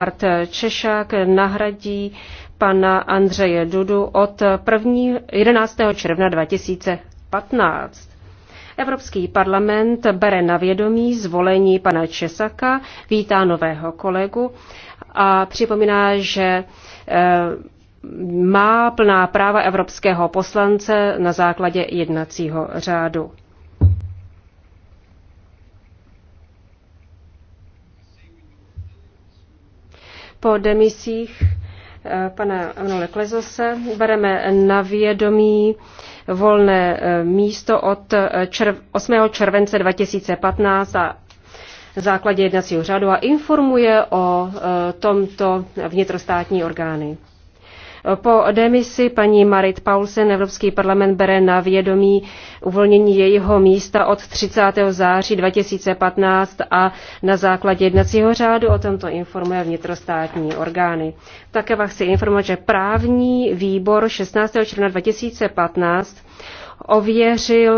Bart Češák nahradí pana Andřeje Dudu od 1. 11. června 2015. Evropský parlament bere na vědomí zvolení pana Česaka, vítá nového kolegu a připomíná, že eh, má plná práva evropského poslance na základě jednacího řádu. po demisích eh, pana Anole Klezose. Bereme na vědomí volné eh, místo od 8. Eh, července 2015 a základě jednacího řádu a informuje o tomto vnitrostátní orgány. Po demisi paní Marit Paulsen Evropský parlament bere na vědomí uvolnění jejího místa od 30. září 2015 a na základě jednacího řádu o tomto informuje vnitrostátní orgány. Také vás chci informovat, že právní výbor 16. června 2015 ověřil